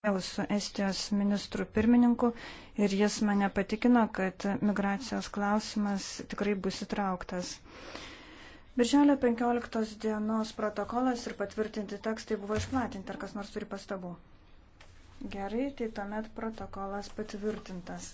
bendradarbiavau su Estijos ministru pirmininku ir jis mane patikino, kad migracijos klausimas tikrai bus įtrauktas. Birželio 15 dienos protokolas ir patvirtinti tekstai buvo išplatinti, ar kas nors turi pastabų. Gerai, tai tuomet protokolas patvirtintas.